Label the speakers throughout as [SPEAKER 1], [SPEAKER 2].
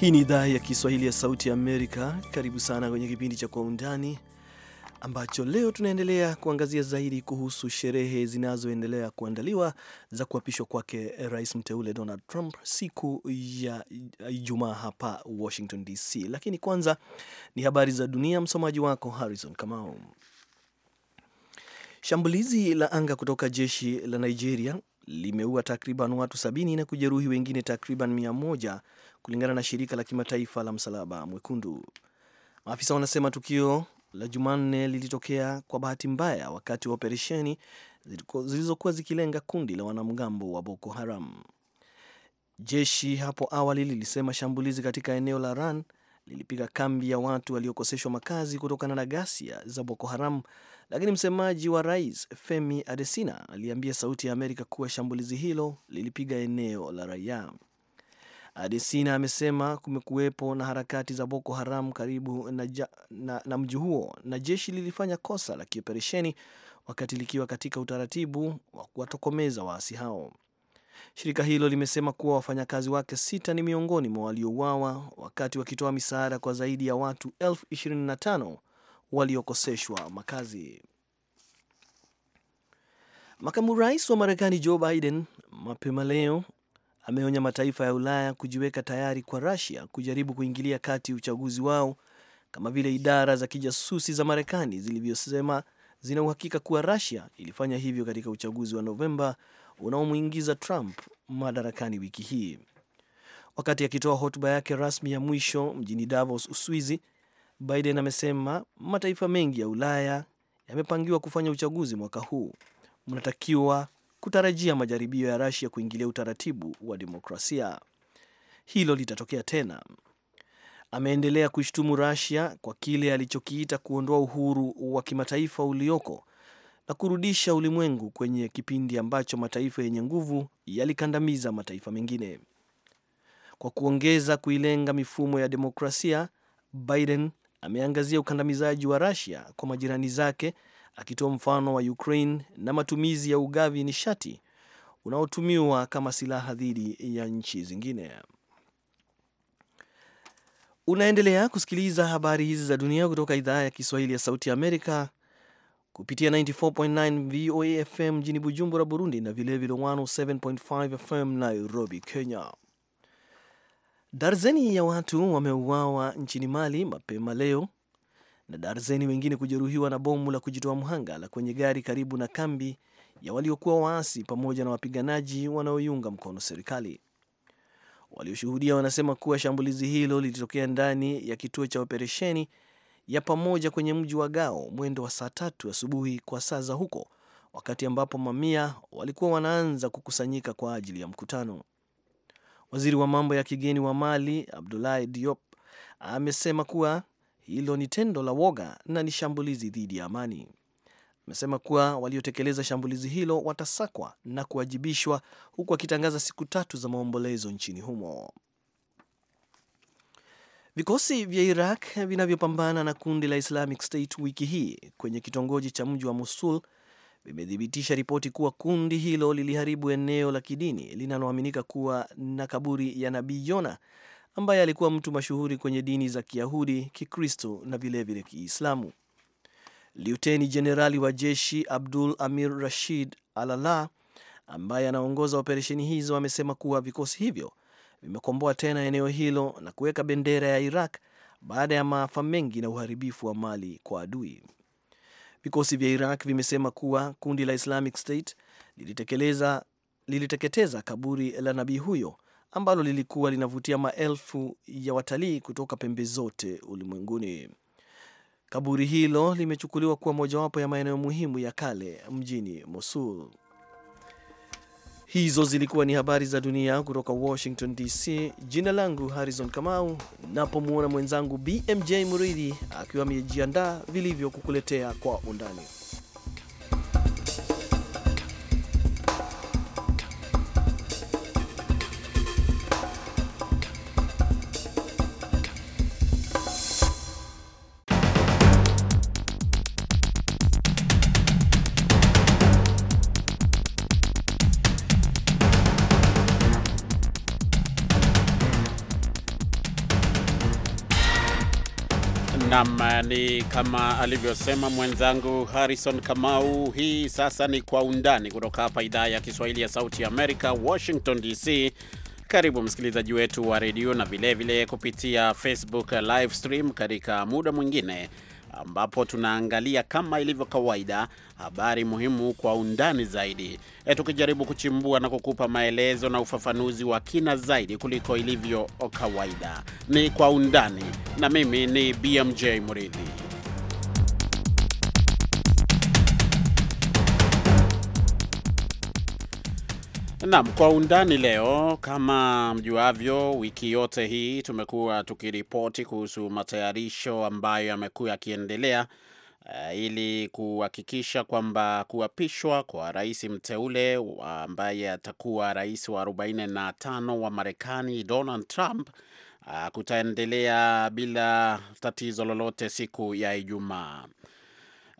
[SPEAKER 1] Hii ni idhaa ya Kiswahili ya Sauti ya Amerika. Karibu sana kwenye kipindi cha Kwa Undani ambacho leo tunaendelea kuangazia zaidi kuhusu sherehe zinazoendelea kuandaliwa za kuapishwa kwake rais mteule Donald Trump siku ya Ijumaa hapa Washington DC. Lakini kwanza ni habari za dunia, msomaji wako Harrison Kamau. Shambulizi la anga kutoka jeshi la Nigeria limeua takriban watu sabini na kujeruhi wengine takriban mia moja kulingana na shirika la kimataifa la Msalaba Mwekundu. Maafisa wanasema tukio la Jumanne lilitokea kwa bahati mbaya wakati wa operesheni zilizokuwa zikilenga kundi la wanamgambo wa Boko Haram. Jeshi hapo awali lilisema shambulizi katika eneo la Ran lilipiga kambi ya watu waliokoseshwa makazi kutokana na ghasia za Boko Haram, lakini msemaji wa rais Femi Adesina aliambia Sauti ya Amerika kuwa shambulizi hilo lilipiga eneo la raia. Adesina amesema kumekuwepo na harakati za Boko Haram karibu na, ja, na, na mji huo na jeshi lilifanya kosa la kioperesheni wakati likiwa katika utaratibu wa kuwatokomeza waasi hao. Shirika hilo limesema kuwa wafanyakazi wake sita ni miongoni mwa waliouawa wakati wakitoa misaada kwa zaidi ya watu elfu 25 waliokoseshwa makazi. Makamu rais wa Marekani Joe Biden mapema leo ameonya mataifa ya Ulaya kujiweka tayari kwa Russia kujaribu kuingilia kati uchaguzi wao kama vile idara za kijasusi za Marekani zilivyosema zina uhakika kuwa Russia ilifanya hivyo katika uchaguzi wa Novemba unaomwingiza Trump madarakani wiki hii. Wakati akitoa hotuba yake rasmi ya mwisho mjini Davos, Uswizi, Biden amesema mataifa mengi ya Ulaya yamepangiwa kufanya uchaguzi mwaka huu. Mnatakiwa kutarajia majaribio ya Russia kuingilia utaratibu wa demokrasia. Hilo litatokea tena. Ameendelea kuishtumu Russia kwa kile alichokiita kuondoa uhuru wa kimataifa ulioko na kurudisha ulimwengu kwenye kipindi ambacho mataifa yenye nguvu yalikandamiza mataifa mengine. Kwa kuongeza kuilenga mifumo ya demokrasia, Biden ameangazia ukandamizaji wa Russia kwa majirani zake akitoa mfano wa Ukraine na matumizi ya ugavi nishati unaotumiwa kama silaha dhidi ya nchi zingine. Unaendelea kusikiliza habari hizi za dunia kutoka idhaa ya Kiswahili ya Sauti ya Amerika kupitia 94.9 VOA FM mjini Bujumbura, Burundi na vilevile 107.5 FM Nairobi, Kenya. Darzeni ya watu wameuawa nchini Mali mapema leo na darzeni wengine kujeruhiwa na bomu la kujitoa mhanga la kwenye gari karibu na kambi ya waliokuwa waasi pamoja na wapiganaji wanaoiunga mkono serikali. Walioshuhudia wanasema kuwa shambulizi hilo lilitokea ndani ya kituo cha operesheni ya pamoja kwenye mji wa Gao mwendo wa saa tatu asubuhi kwa saa za huko, wakati ambapo mamia walikuwa wanaanza kukusanyika kwa ajili ya mkutano. Waziri wa mambo ya kigeni wa Mali Abdoulaye Diop amesema kuwa hilo ni tendo la woga na ni shambulizi dhidi ya amani. Amesema kuwa waliotekeleza shambulizi hilo watasakwa na kuwajibishwa, huku akitangaza siku tatu za maombolezo nchini humo. Vikosi vya Iraq vinavyopambana na kundi la Islamic State wiki hii kwenye kitongoji cha mji wa Mosul vimethibitisha ripoti kuwa kundi hilo liliharibu eneo la kidini linaloaminika kuwa na kaburi ya Nabii Yona ambaye alikuwa mtu mashuhuri kwenye dini za Kiyahudi, Kikristo na vilevile Kiislamu. Liuteni jenerali wa jeshi Abdul Amir Rashid Alala, ambaye anaongoza operesheni hizo, amesema kuwa vikosi hivyo vimekomboa tena eneo hilo na kuweka bendera ya Iraq baada ya maafa mengi na uharibifu wa mali kwa adui. Vikosi vya Iraq vimesema kuwa kundi la Islamic State liliteketeza kaburi la nabii huyo ambalo lilikuwa linavutia maelfu ya watalii kutoka pembe zote ulimwenguni. Kaburi hilo limechukuliwa kuwa mojawapo ya maeneo muhimu ya kale mjini Mosul. Hizo zilikuwa ni habari za dunia kutoka Washington DC. Jina langu Harrison Kamau, napomwona mwenzangu BMJ Muridhi akiwa amejiandaa vilivyo kukuletea kwa undani
[SPEAKER 2] Nam ni kama alivyosema mwenzangu Harrison Kamau. Hii sasa ni kwa undani kutoka hapa idhaa ya Kiswahili ya Sauti ya Amerika, Washington DC. Karibu msikilizaji wetu wa redio na vilevile kupitia Facebook live stream katika muda mwingine ambapo tunaangalia kama ilivyo kawaida habari muhimu kwa undani zaidi, e, tukijaribu kuchimbua na kukupa maelezo na ufafanuzi wa kina zaidi kuliko ilivyo kawaida. Ni kwa undani, na mimi ni BMJ Muridhi. Naam, kwa undani leo, kama mjuavyo, wiki yote hii tumekuwa tukiripoti kuhusu matayarisho ambayo yamekuwa yakiendelea uh, ili kuhakikisha kwamba kuapishwa kwa rais mteule ambaye atakuwa rais wa 45 wa Marekani Donald Trump uh, kutaendelea bila tatizo lolote siku ya Ijumaa.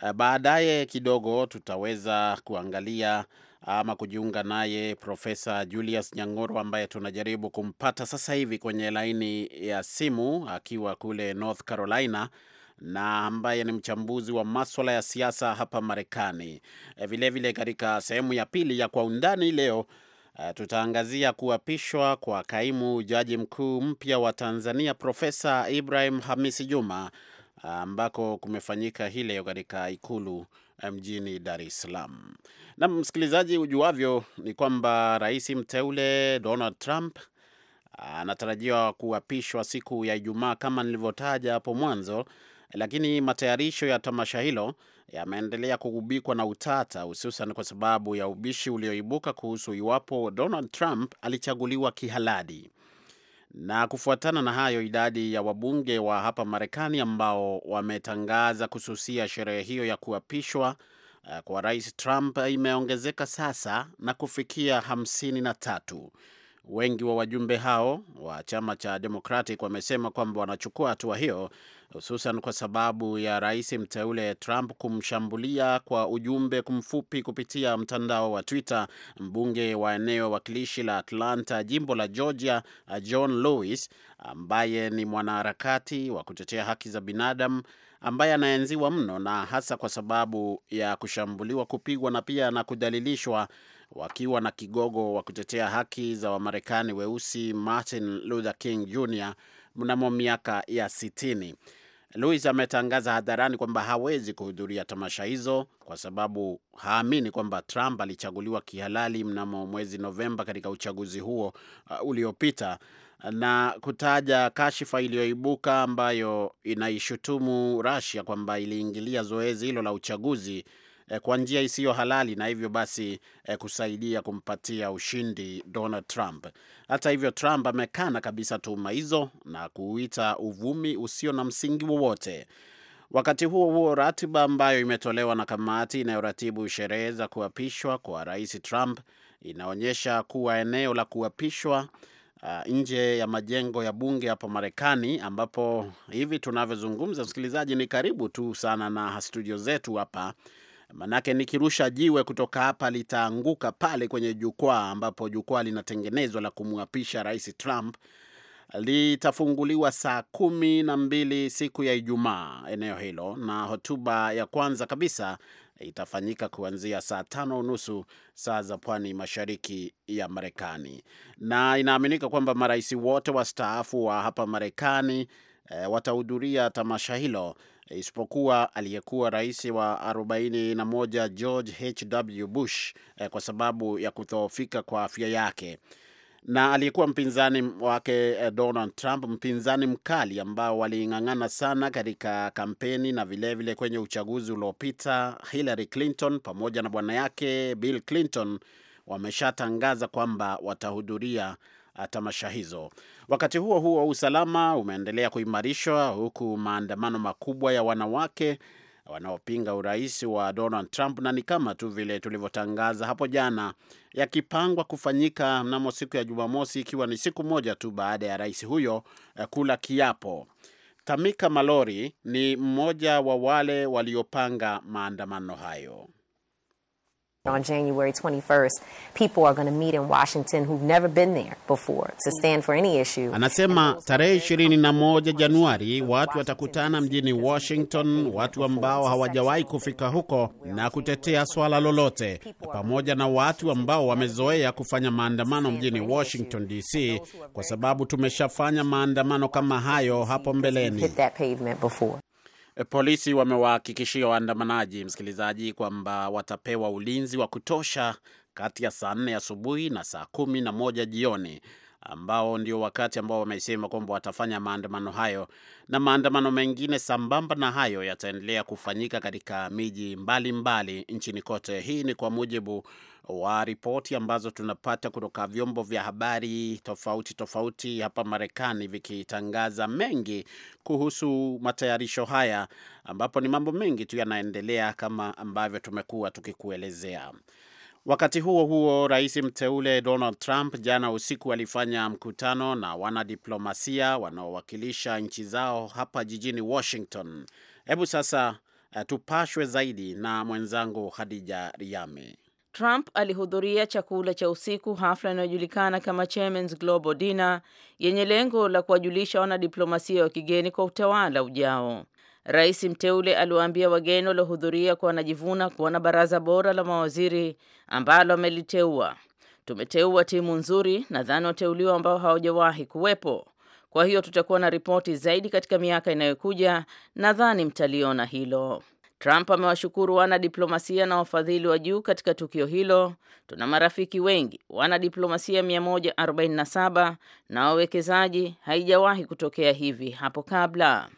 [SPEAKER 2] Uh, baadaye kidogo tutaweza kuangalia ama kujiunga naye Profesa Julius Nyang'oro ambaye tunajaribu kumpata sasa hivi kwenye laini ya simu akiwa kule North Carolina na ambaye ni mchambuzi wa maswala ya siasa hapa Marekani. Vilevile katika sehemu ya pili ya kwa undani leo Uh, tutaangazia kuapishwa kwa kaimu jaji mkuu mpya wa Tanzania Profesa Ibrahim Hamisi Juma ambako uh, kumefanyika hii leo katika ikulu mjini Dar es Salaam. Na msikilizaji, ujuavyo ni kwamba rais mteule Donald Trump anatarajiwa kuapishwa siku ya Ijumaa kama nilivyotaja hapo mwanzo, lakini matayarisho ya tamasha hilo yameendelea kugubikwa na utata, hususan kwa sababu ya ubishi ulioibuka kuhusu iwapo Donald Trump alichaguliwa kihalali. Na kufuatana na hayo, idadi ya wabunge wa hapa Marekani ambao wametangaza kususia sherehe hiyo ya kuapishwa eh, kwa Rais Trump imeongezeka sasa na kufikia hamsini na tatu. Wengi wa wajumbe hao wa chama cha Democratic wamesema kwamba wanachukua hatua hiyo hususan kwa sababu ya rais mteule Trump kumshambulia kwa ujumbe mfupi kupitia mtandao wa Twitter mbunge wa eneo wakilishi la Atlanta, jimbo la Georgia, John Lewis ambaye ni mwanaharakati wa kutetea haki za binadamu ambaye anaenziwa mno na hasa kwa sababu ya kushambuliwa, kupigwa na pia na kudhalilishwa wakiwa na kigogo wa kutetea haki za Wamarekani weusi Martin Luther King Jr mnamo miaka ya 60. Louis ametangaza hadharani kwamba hawezi kuhudhuria tamasha hizo kwa sababu haamini kwamba Trump alichaguliwa kihalali mnamo mwezi Novemba katika uchaguzi huo uh, uliopita na kutaja kashifa iliyoibuka ambayo inaishutumu Russia kwamba iliingilia zoezi hilo la uchaguzi eh, kwa njia isiyo halali na hivyo basi eh, kusaidia kumpatia ushindi Donald Trump. Hata hivyo, Trump amekana kabisa tuhuma hizo na kuuita uvumi usio na msingi wowote. Wakati huo huo, ratiba ambayo imetolewa na kamati inayoratibu sherehe za kuapishwa kwa rais Trump inaonyesha kuwa eneo la kuapishwa uh, nje ya majengo ya bunge hapa Marekani, ambapo hivi tunavyozungumza, msikilizaji, ni karibu tu sana na studio zetu hapa manake nikirusha jiwe kutoka hapa litaanguka pale kwenye jukwaa ambapo jukwaa linatengenezwa la kumwapisha Rais Trump litafunguliwa saa kumi na mbili siku ya Ijumaa eneo hilo, na hotuba ya kwanza kabisa itafanyika kuanzia saa tano unusu saa za pwani mashariki ya Marekani, na inaaminika kwamba marais wote wastaafu wa hapa Marekani e, watahudhuria tamasha hilo isipokuwa aliyekuwa rais wa 41 George H.W. Bush eh, kwa sababu ya kutoofika kwa afya yake na aliyekuwa mpinzani wake eh, Donald Trump, mpinzani mkali ambao waling'ang'ana sana katika kampeni na vilevile vile kwenye uchaguzi uliopita. Hillary Clinton pamoja na bwana yake Bill Clinton wameshatangaza kwamba watahudhuria Uh, tamasha hizo. Wakati huo huo, usalama umeendelea kuimarishwa huku maandamano makubwa ya wanawake wanaopinga urais wa Donald Trump na ni kama tu vile tulivyotangaza hapo jana, yakipangwa kufanyika mnamo siku ya Jumamosi, ikiwa ni siku moja tu baada ya rais huyo uh, kula kiapo. Tamika Malori ni mmoja wa wale waliopanga maandamano hayo
[SPEAKER 1] on January 21st, people are going to meet in Washington who've never been there before to stand for any issue.
[SPEAKER 2] Anasema tarehe 21 Januari watu watakutana mjini Washington, watu ambao hawajawahi kufika huko na kutetea swala lolote, pamoja na watu ambao wamezoea kufanya maandamano mjini Washington DC, kwa sababu tumeshafanya maandamano kama hayo hapo mbeleni. Polisi wamewahakikishia waandamanaji, msikilizaji, kwamba watapewa ulinzi wa kutosha kati ya saa nne asubuhi na saa kumi na moja jioni ambao ndio wakati ambao wamesema kwamba watafanya maandamano hayo, na maandamano mengine sambamba na hayo yataendelea kufanyika katika miji mbalimbali nchini kote. Hii ni kwa mujibu wa ripoti ambazo tunapata kutoka vyombo vya habari tofauti tofauti hapa Marekani vikitangaza mengi kuhusu matayarisho haya, ambapo ni mambo mengi tu yanaendelea kama ambavyo tumekuwa tukikuelezea. Wakati huo huo, rais mteule Donald Trump jana usiku alifanya mkutano na wanadiplomasia wanaowakilisha nchi zao hapa jijini Washington. Hebu sasa uh, tupashwe zaidi na mwenzangu Khadija Riami. Trump alihudhuria chakula cha usiku, hafla inayojulikana kama Chairman's Global Dinner yenye lengo la kuwajulisha wanadiplomasia wa kigeni kwa utawala ujao. Rais mteule aliwaambia wageni waliohudhuria kuwa wanajivuna kuwa na baraza bora la mawaziri ambalo ameliteua. Tumeteua timu nzuri, nadhani wateuliwa
[SPEAKER 1] ambao hawajawahi kuwepo. Kwa hiyo tutakuwa na ripoti zaidi katika miaka inayokuja, nadhani mtaliona hilo. Trump amewashukuru wana diplomasia na wafadhili wa juu katika tukio hilo. Tuna marafiki wengi, wana diplomasia 147
[SPEAKER 2] na wawekezaji, haijawahi kutokea hivi hapo kabla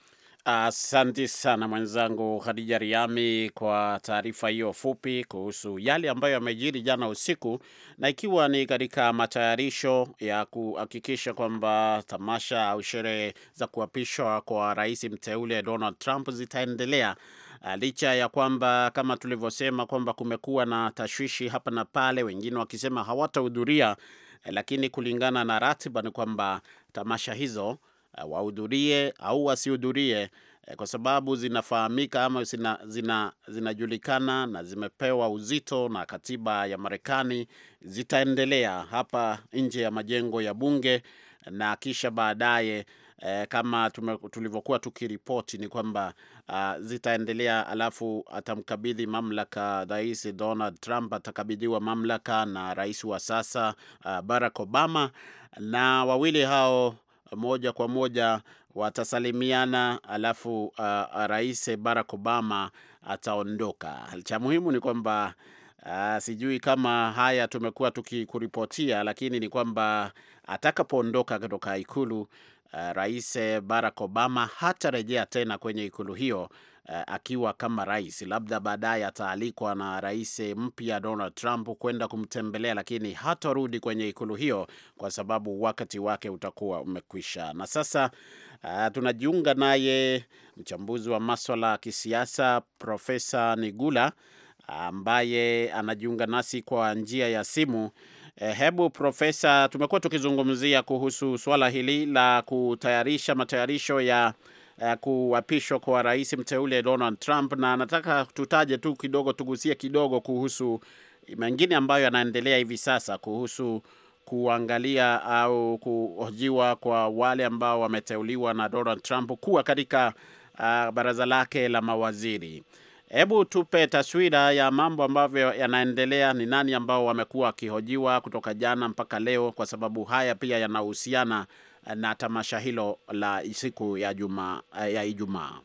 [SPEAKER 2] asanti uh, sana mwenzangu Khadija Riami kwa taarifa hiyo fupi kuhusu yale ambayo yamejiri jana usiku, na ikiwa ni katika matayarisho ya kuhakikisha kwamba tamasha au sherehe za kuapishwa kwa rais mteule Donald Trump zitaendelea ah, licha ya kwamba kama tulivyosema kwamba kumekuwa na tashwishi hapa na pale, wengine wakisema hawatahudhuria, lakini kulingana na ratiba ni kwamba tamasha hizo Eh, wahudhurie au wasihudhurie, eh, kwa sababu zinafahamika ama zina, zinajulikana na zimepewa uzito na katiba ya Marekani, zitaendelea hapa nje ya majengo ya bunge na kisha baadaye eh, kama tulivyokuwa tukiripoti ni kwamba uh, zitaendelea, alafu atamkabidhi mamlaka rais Donald Trump, atakabidhiwa mamlaka na rais wa sasa uh, Barack Obama, na wawili hao moja kwa moja watasalimiana, alafu uh, uh, rais Barack Obama ataondoka. Cha muhimu ni kwamba Uh, sijui kama haya tumekuwa tukikuripotia, lakini ni kwamba atakapoondoka kutoka ikulu uh, Rais Barack Obama hatarejea tena kwenye ikulu hiyo Eh, akiwa kama rais. Labda baadaye ataalikwa na rais mpya Donald Trump kwenda kumtembelea, lakini hatarudi kwenye ikulu hiyo kwa sababu wakati wake utakuwa umekwisha. Na sasa uh, tunajiunga naye mchambuzi wa maswala ya kisiasa Profesa Nigula ambaye anajiunga nasi kwa njia ya simu. Eh, hebu Profesa, tumekuwa tukizungumzia kuhusu swala hili la kutayarisha matayarisho ya uh, kuapishwa kwa rais mteule Donald Trump, na nataka tutaje tu kidogo, tugusie kidogo kuhusu mengine ambayo yanaendelea hivi sasa kuhusu kuangalia au kuhojiwa kwa wale ambao wameteuliwa na Donald Trump kuwa katika uh, baraza lake la mawaziri. Hebu tupe taswira ya mambo ambavyo yanaendelea, ni nani ambao wamekuwa wakihojiwa kutoka jana mpaka leo, kwa sababu haya pia yanahusiana na tamasha hilo la siku ya juma, eh, ya Ijumaa?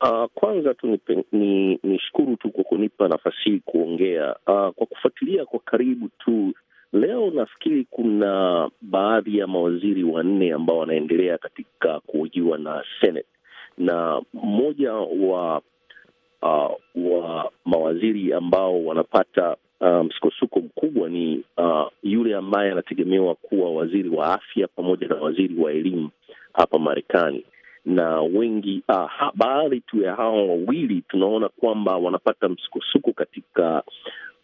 [SPEAKER 3] Uh, kwanza tu ni nishukuru tu kwa kunipa nafasi hii kuongea. Uh, kwa kufuatilia kwa karibu tu leo, nafikiri kuna baadhi ya mawaziri wanne ambao wanaendelea katika kuhojiwa na Senate, na mmoja wa uh, wa mawaziri ambao wanapata Um, msukosuko um, mkubwa ni uh, yule ambaye anategemewa kuwa waziri wa afya pamoja na waziri wa elimu hapa Marekani, na wengi uh, baadhi tu ya hawa wawili tunaona kwamba wanapata msukosuko katika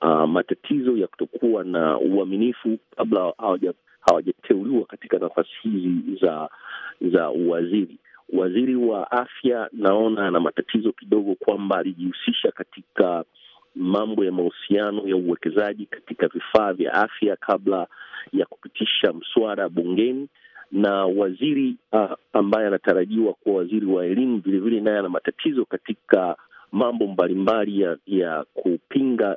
[SPEAKER 3] uh, matatizo ya kutokuwa na uaminifu kabla hawajateuliwa katika nafasi hizi za za uwaziri. Waziri wa afya naona ana matatizo kidogo kwamba alijihusisha katika mambo ya mahusiano ya uwekezaji katika vifaa vya afya kabla ya kupitisha mswada bungeni na waziri uh, ambaye anatarajiwa kuwa waziri wa elimu vilevile naye ana matatizo katika mambo mbalimbali ya, ya kupinga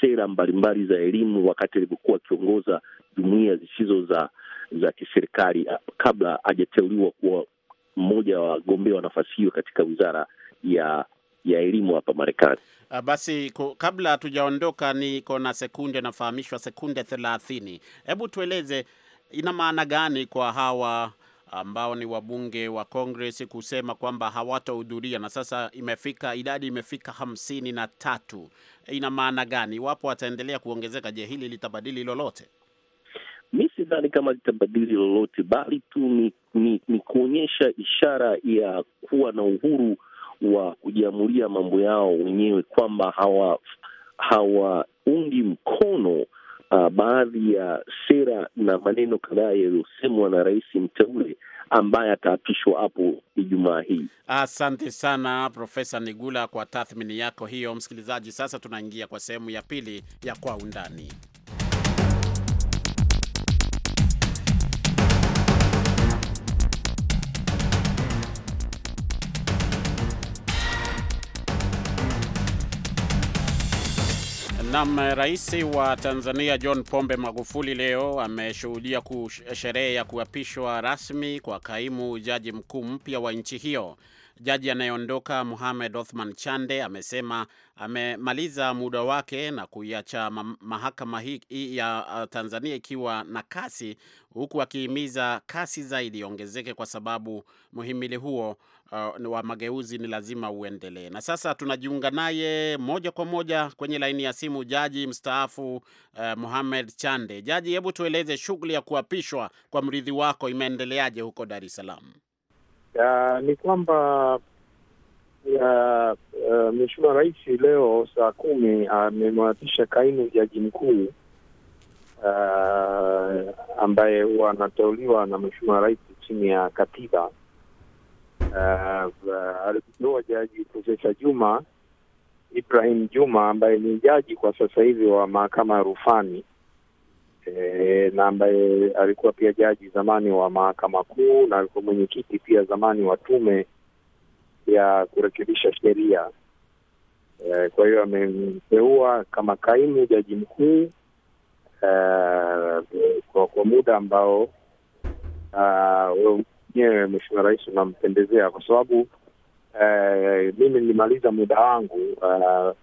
[SPEAKER 3] sera mbalimbali za elimu wakati alivyokuwa akiongoza jumuia zisizo za za kiserikali ah, kabla hajateuliwa kuwa mmoja wa wagombea wa nafasi hiyo katika wizara ya ya elimu hapa Marekani.
[SPEAKER 2] Ah, basi kabla hatujaondoka, niko na sekunde, nafahamishwa sekunde thelathini. Hebu tueleze ina maana gani kwa hawa ambao ni wabunge wa Congress kusema kwamba hawatahudhuria na sasa imefika idadi imefika hamsini na tatu. Ina maana gani? Iwapo wataendelea kuongezeka, je, hili litabadili lolote?
[SPEAKER 3] Mi sidhani kama litabadili lolote, bali tu ni, ni, ni kuonyesha ishara ya kuwa na uhuru wa kujiamulia mambo yao wenyewe, kwamba hawa hawaungi mkono uh, baadhi ya sera na maneno kadhaa yaliyosemwa na rais mteule ambaye ataapishwa hapo Ijumaa hii.
[SPEAKER 2] Asante sana Profesa Nigula kwa tathmini yako hiyo. Msikilizaji, sasa tunaingia kwa sehemu ya pili ya Kwa Undani. Nam, rais wa Tanzania John Pombe Magufuli leo ameshuhudia sherehe ya kuapishwa rasmi kwa kaimu jaji mkuu mpya wa nchi hiyo. Jaji anayeondoka muhamed Othman Chande amesema amemaliza muda wake na kuiacha mahakama hii ya uh, Tanzania ikiwa na kasi, huku akihimiza kasi zaidi iongezeke kwa sababu muhimili huo uh, wa mageuzi ni lazima uendelee. Na sasa tunajiunga naye moja kwa moja kwenye laini ya simu jaji mstaafu uh, Muhamed Chande. Jaji, hebu tueleze shughuli ya kuapishwa kwa mrithi wako imeendeleaje huko Dar es Salaam?
[SPEAKER 4] ya, ni kwamba uh, Mheshimiwa Rais leo saa kumi amemwapisha uh, kaimu jaji mkuu uh, ambaye huwa anateuliwa na Mheshimiwa Rais chini ya katiba. Uh, uh, jaji Profesa Juma Ibrahim Juma ambaye ni jaji kwa sasa hivi wa mahakama ya rufani e, na ambaye alikuwa pia jaji zamani wa mahakama kuu na alikuwa mwenyekiti pia zamani wa tume ya kurekebisha sheria e, kwa hiyo amemteua kama kaimu jaji mkuu e, kwa, kwa muda ambao e, mwenyewe Mheshimiwa Rais unampendezea kwa sababu e, mimi nilimaliza muda wangu uh,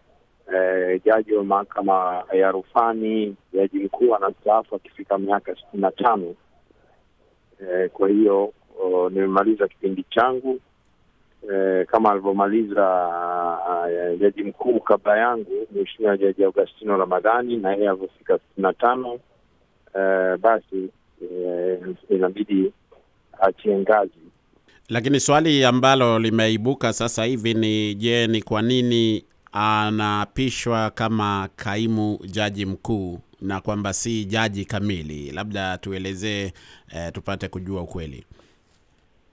[SPEAKER 4] eh, jaji wa mahakama ya rufani, jaji mkuu anastaafu akifika miaka sitini na tano. Eh, kwa hiyo oh, nimemaliza kipindi changu eh, kama alivyomaliza uh, jaji mkuu kabla yangu Mheshimiwa Jaji Augustino Ramadhani na yeye alivyofika sitini na tano eh, basi eh, inabidi achie ngazi
[SPEAKER 2] lakini swali ambalo limeibuka sasa hivi ni je, ni kwa nini anaapishwa kama kaimu jaji mkuu na kwamba si jaji kamili. Labda tuelezee eh, tupate kujua ukweli.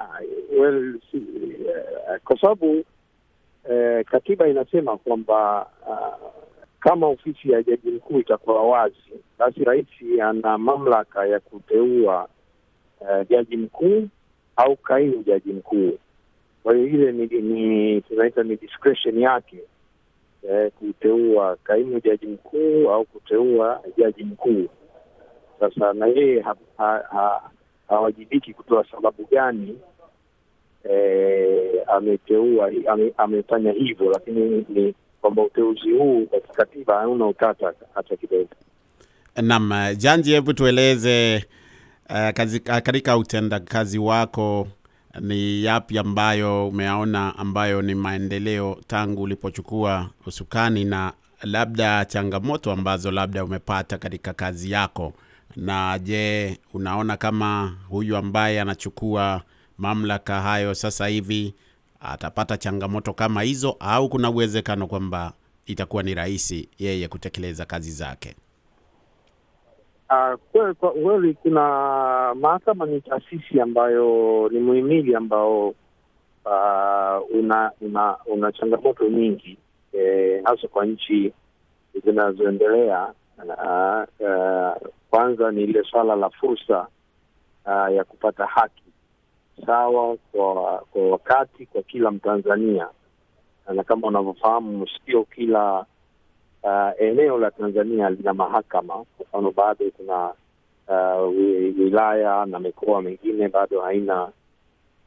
[SPEAKER 4] Uh, well, uh, kwa sababu uh, katiba inasema kwamba uh, kama ofisi ya jaji mkuu itakuwa wazi, basi rais ana mamlaka ya kuteua uh, jaji mkuu au kaimu jaji mkuu. Kwa hiyo ile ni, ni tunaita ni discretion yake eh, kuteua kaimu jaji mkuu au kuteua jaji mkuu. Sasa na yeye hawajibiki ha, ha, kutoa sababu gani eh, ameteua ame, amefanya hivyo, lakini ni kwamba uteuzi huu wa kikatiba hauna utata
[SPEAKER 2] hata kidogo. Naam, Janji, hebu tueleze uh, katika utendakazi wako ni yapi ambayo umeaona ambayo ni maendeleo tangu ulipochukua usukani na labda changamoto ambazo labda umepata katika kazi yako? Na je, unaona kama huyu ambaye anachukua mamlaka hayo sasa hivi atapata changamoto kama hizo, au kuna uwezekano kwamba itakuwa ni rahisi yeye kutekeleza kazi zake?
[SPEAKER 4] Ah, kwa kweli kuna mahakama ni taasisi ambayo ni muhimili ambao uh, una, una, una changamoto nyingi eh, hasa kwa nchi zinazoendelea. Uh, uh, kwanza ni ile swala la fursa uh, ya kupata haki sawa kwa kwa wakati kwa kila Mtanzania, na kama unavyofahamu sio kila uh, eneo la Tanzania lina mahakama. Kwa mfano, bado kuna uh, wilaya na mikoa mingine bado haina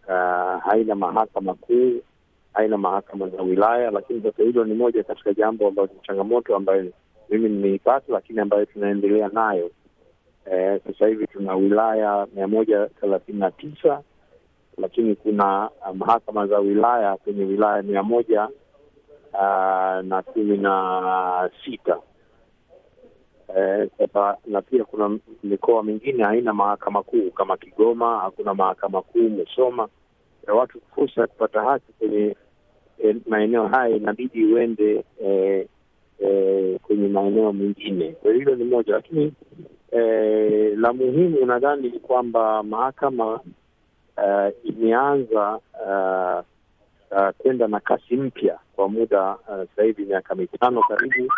[SPEAKER 4] uh, haina mahakama kuu, haina mahakama za wilaya. Lakini sasa hilo ni moja katika jambo ambayo ni changamoto ambayo mimi nimeipata, lakini ambayo tunaendelea nayo eh, sasa hivi tuna wilaya mia moja thelathini na tisa lakini kuna uh, mahakama za wilaya kwenye wilaya mia moja Ah, na kumi na sita epa, eh, na pia kuna mikoa mingine haina mahakama kuu kama Kigoma, hakuna mahakama kuu Musoma. Na watu fursa ya kupata haki kwenye eh, maeneo haya inabidi uende eh, eh, kwenye maeneo mengine. Kwa hilo ni moja, lakini eh, la muhimu nadhani ni kwamba mahakama Uh, imeanza uh, uh, kwenda na kasi mpya kwa muda uh, miaka mitano karibu,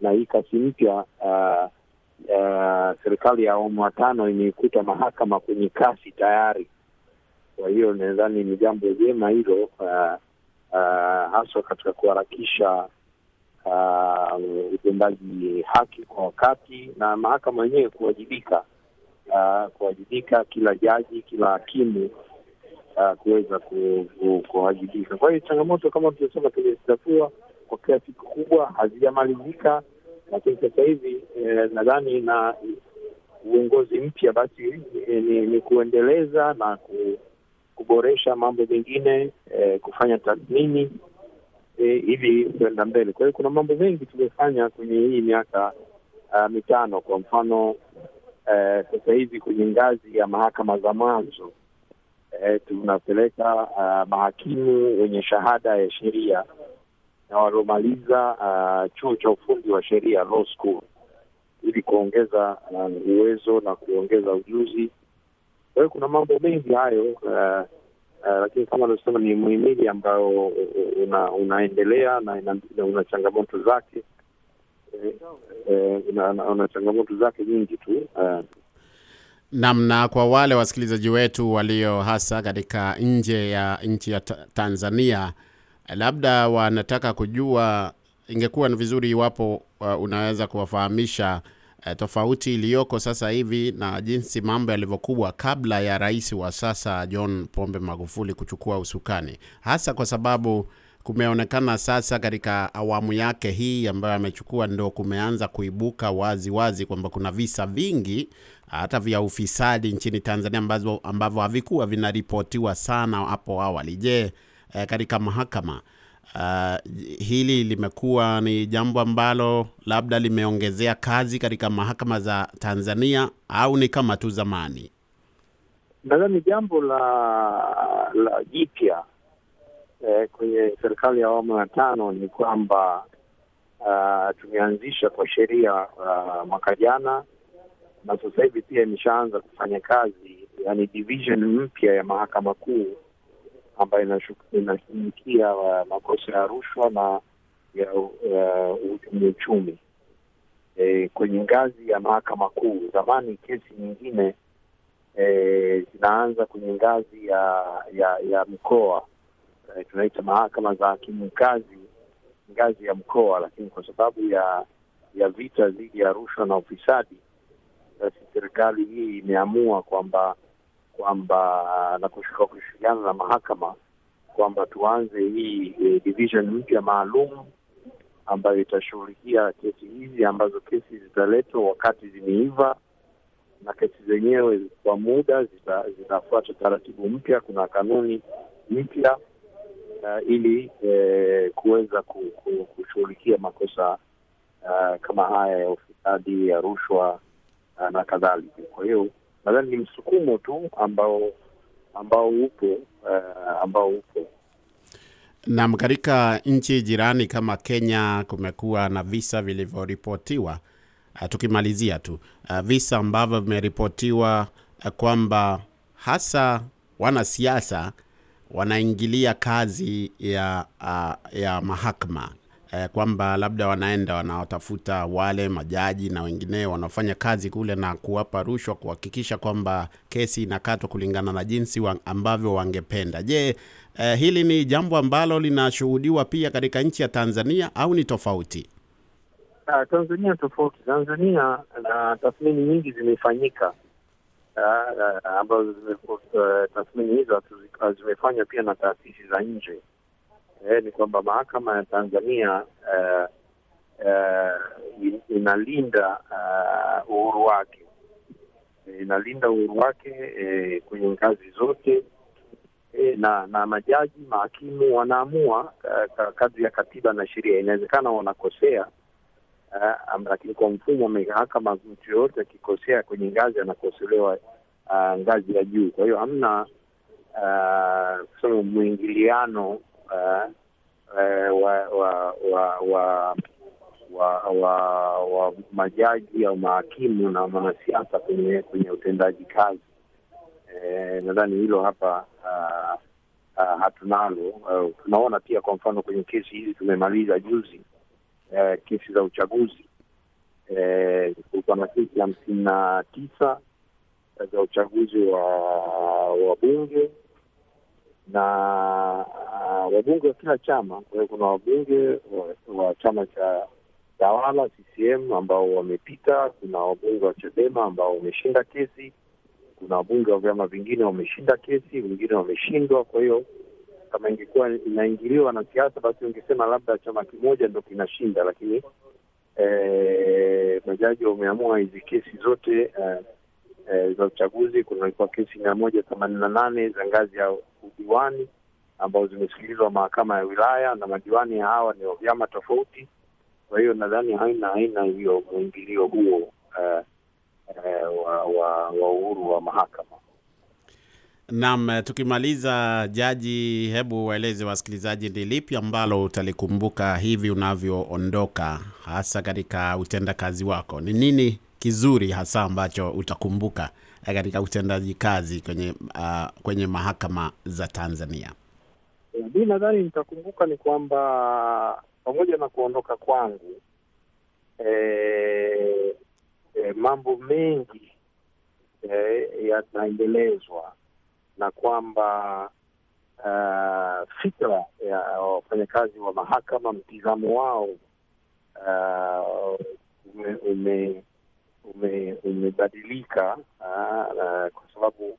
[SPEAKER 4] na hii kasi mpya uh, uh, serikali ya awamu wa tano imeikuta mahakama kwenye kasi tayari. Kwa hiyo nadhani ni jambo jema hilo uh, uh, haswa katika kuharakisha uh, utendaji uh, haki kwa wakati na mahakama yenyewe kuwajibika uh, kuwajibika, kila jaji, kila hakimu uh, kuweza kuwajibika. Kwa hiyo changamoto kama tuliosema, tulizitatua kwa kiasi kikubwa, hazijamalizika, lakini sasa hivi eh, nadhani na uongozi mpya basi eh, ni, ni kuendeleza na ku, kuboresha mambo mengine eh, kufanya tathmini eh, ili kuenda mbele. Kwa hiyo kuna mambo mengi tumefanya kwenye hii miaka uh, mitano. Kwa mfano eh, sasa hivi kwenye ngazi ya mahakama za mwanzo eh, tunapeleka uh, mahakimu wenye shahada ya sheria na waliomaliza uh, chuo cha ufundi wa sheria law school ili kuongeza uh, uwezo na kuongeza ujuzi. Kwa hiyo kuna mambo mengi hayo uh, Uh, lakini kama alivyosema ni muhimili ambayo una, unaendelea na ina, una changamoto zake eh, eh, una, una changamoto zake nyingi tu uh
[SPEAKER 2] namna kwa wale wasikilizaji wetu walio hasa katika nje ya nchi ya Tanzania, labda wanataka kujua, ingekuwa ni vizuri iwapo uh, unaweza kuwafahamisha uh, tofauti iliyoko sasa hivi na jinsi mambo yalivyokuwa kabla ya rais wa sasa John Pombe Magufuli kuchukua usukani, hasa kwa sababu kumeonekana sasa katika awamu yake hii ambayo amechukua, ndo kumeanza kuibuka wazi wazi kwamba kuna visa vingi hata vya ufisadi nchini Tanzania ambazo ambavyo havikuwa vinaripotiwa sana hapo awali. Je, eh, katika mahakama Uh, hili limekuwa ni jambo ambalo labda limeongezea kazi katika mahakama za Tanzania au ni kama tu zamani?
[SPEAKER 4] Nadhani jambo la la jipya eh, kwenye serikali ya awamu ya tano ni kwamba uh, tumeanzisha kwa sheria uh, mwaka jana na sasa hivi pia imeshaanza kufanya kazi, yani division mpya ya mahakama kuu ambayo inashughulikia uh, makosa ya rushwa na ya uhujumu uchumi e, kwenye ngazi ya mahakama kuu. Zamani kesi nyingine e, zinaanza e, kwenye ngazi ya ya ya mkoa e, tunaita mahakama za hakimu mkazi ngazi ya mkoa, lakini kwa sababu ya ya vita dhidi ya rushwa na ufisadi Eh, serikali hii imeamua kwamba kwamba eh, na kushika kushirikiana na mahakama kwamba tuanze hii eh, division mpya maalum ambayo itashughulikia kesi hizi ambazo kesi zitaletwa wakati zimeiva, na kesi zenyewe kwa muda zitafuata taratibu mpya. Kuna kanuni mpya uh, ili eh, kuweza kushughulikia makosa uh, kama haya ya ufisadi, ya rushwa na kadhalika. Kwa hiyo nadhani ni msukumo tu ambao ambao upo uh, ambao upo
[SPEAKER 2] nam. Katika nchi jirani kama Kenya kumekuwa na visa vilivyoripotiwa uh, tukimalizia tu uh, visa ambavyo vimeripotiwa uh, kwamba hasa wanasiasa wanaingilia kazi ya, uh, ya mahakama eh, kwamba labda wanaenda wanawatafuta wale majaji na wengineo wanaofanya kazi kule na kuwapa rushwa kuhakikisha kwamba kesi inakatwa kulingana na jinsi wa, ambavyo wangependa. Je, eh, hili ni jambo ambalo linashuhudiwa pia katika nchi ya Tanzania au ni tofauti?
[SPEAKER 4] Uh, Tanzania tofauti. Tanzania na tathmini nyingi zimefanyika ah, ah, ambazo uh, uh, tathmini hizo zimefanywa pia na taasisi za nje eh, ni kwamba mahakama ya Tanzania eh, eh, inalinda eh, uhuru wake inalinda uhuru wake eh, kwenye ngazi zote eh, na na majaji mahakimu wanaamua eh, kadri ya katiba na sheria. Inawezekana wanakosea eh, lakini kwa mfumo wa mahakama mtu yoyote akikosea kwenye ngazi anakosolewa Uh, ngazi ya juu. Kwa hiyo hamna uh, kusema mwingiliano Eh, eh, wa majaji au mahakimu na wanasiasa kwenye kwenye utendaji kazi. Eh, nadhani hilo hapa ah, ah, hatunalo. Tunaona pia kwa mfano kwenye kesi hizi tumemaliza juzi kesi za uchaguzi, kulikuwa na kesi hamsini na tisa za uchaguzi wa bunge na wabunge wa kila chama. Kwa hiyo kuna wabunge wa chama cha tawala CCM ambao wamepita, kuna wabunge wa Chadema ambao wameshinda kesi, kuna wabunge wa vyama vingine wameshinda kesi, wengine wameshindwa. Kwa hiyo kama ingekuwa inaingiliwa na siasa, basi ungesema labda chama kimoja ndo kinashinda, lakini eh, majaji wameamua hizi kesi zote eh, eh, za uchaguzi. Kuna ilikuwa kesi mia moja themanini na nane za ngazi ya udiwani ambazo zimesikilizwa mahakama ya wilaya na madiwani hawa ni wa vyama tofauti. Kwa hiyo nadhani haina haina hiyo mwingilio huo uh, uh, wa, wa, wa uhuru wa mahakama.
[SPEAKER 2] Naam, eh, tukimaliza Jaji, hebu waeleze wasikilizaji ni lipi ambalo utalikumbuka hivi unavyoondoka, hasa katika utendakazi wako. Ni nini kizuri hasa ambacho utakumbuka katika utendaji kazi kwenye, uh, kwenye mahakama za Tanzania?
[SPEAKER 4] mi nadhani nitakumbuka ni kwamba pamoja na kuondoka kwangu e, e, mambo mengi e, yataendelezwa na kwamba uh, fikra ya wafanyakazi wa mahakama, mtizamo wao uh, ume, ume, umebadilika uh, uh, kwa sababu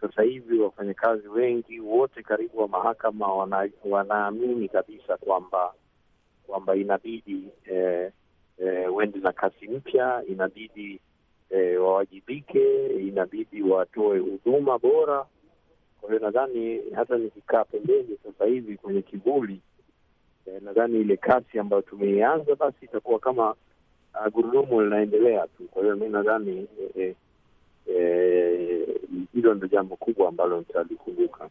[SPEAKER 4] sasa hivi wafanyakazi wengi wote karibu wa mahakama wana, wanaamini kabisa kwamba kwamba inabidi eh, eh, wende na kasi mpya, inabidi eh, wawajibike, inabidi watoe huduma bora. Kwa hiyo nadhani hata nikikaa pembeni sasa hivi kwenye kivuli eh, nadhani ile kasi ambayo tumeianza basi itakuwa kama ah, gurudumu linaendelea tu. Kwa hiyo mi nadhani eh, eh, eh, hilo ndio jambo kubwa ambalo nitalikumbuka.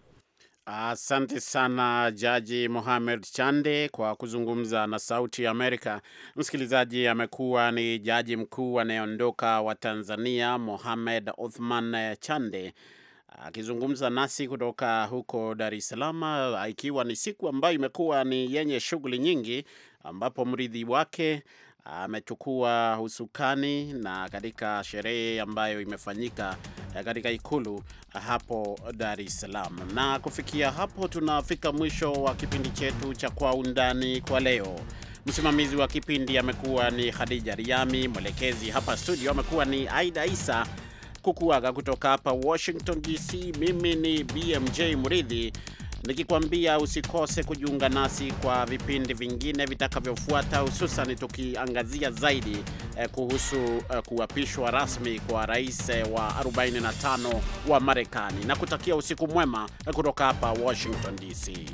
[SPEAKER 2] Asante sana Jaji Mohamed Chande kwa kuzungumza na Sauti ya Amerika. Msikilizaji, amekuwa ni jaji mkuu anayeondoka wa Tanzania, Mohamed Othman Chande akizungumza nasi kutoka huko Dar es Salaam, ikiwa ni siku ambayo imekuwa ni yenye shughuli nyingi, ambapo mridhi wake amechukua usukani na katika sherehe ambayo imefanyika eh, katika ikulu eh, hapo Dar es Salaam. Na kufikia hapo, tunafika mwisho wa kipindi chetu cha Kwa Undani kwa leo. Msimamizi wa kipindi amekuwa ni Khadija Riami, mwelekezi hapa studio amekuwa ni Aida Isa. Kukuaga kutoka hapa Washington DC, mimi ni BMJ Muridhi nikikwambia usikose kujiunga nasi kwa vipindi vingine vitakavyofuata, hususan tukiangazia zaidi eh, kuhusu eh, kuapishwa rasmi kwa rais eh, wa 45 wa Marekani, na kutakia usiku mwema eh, kutoka hapa Washington DC.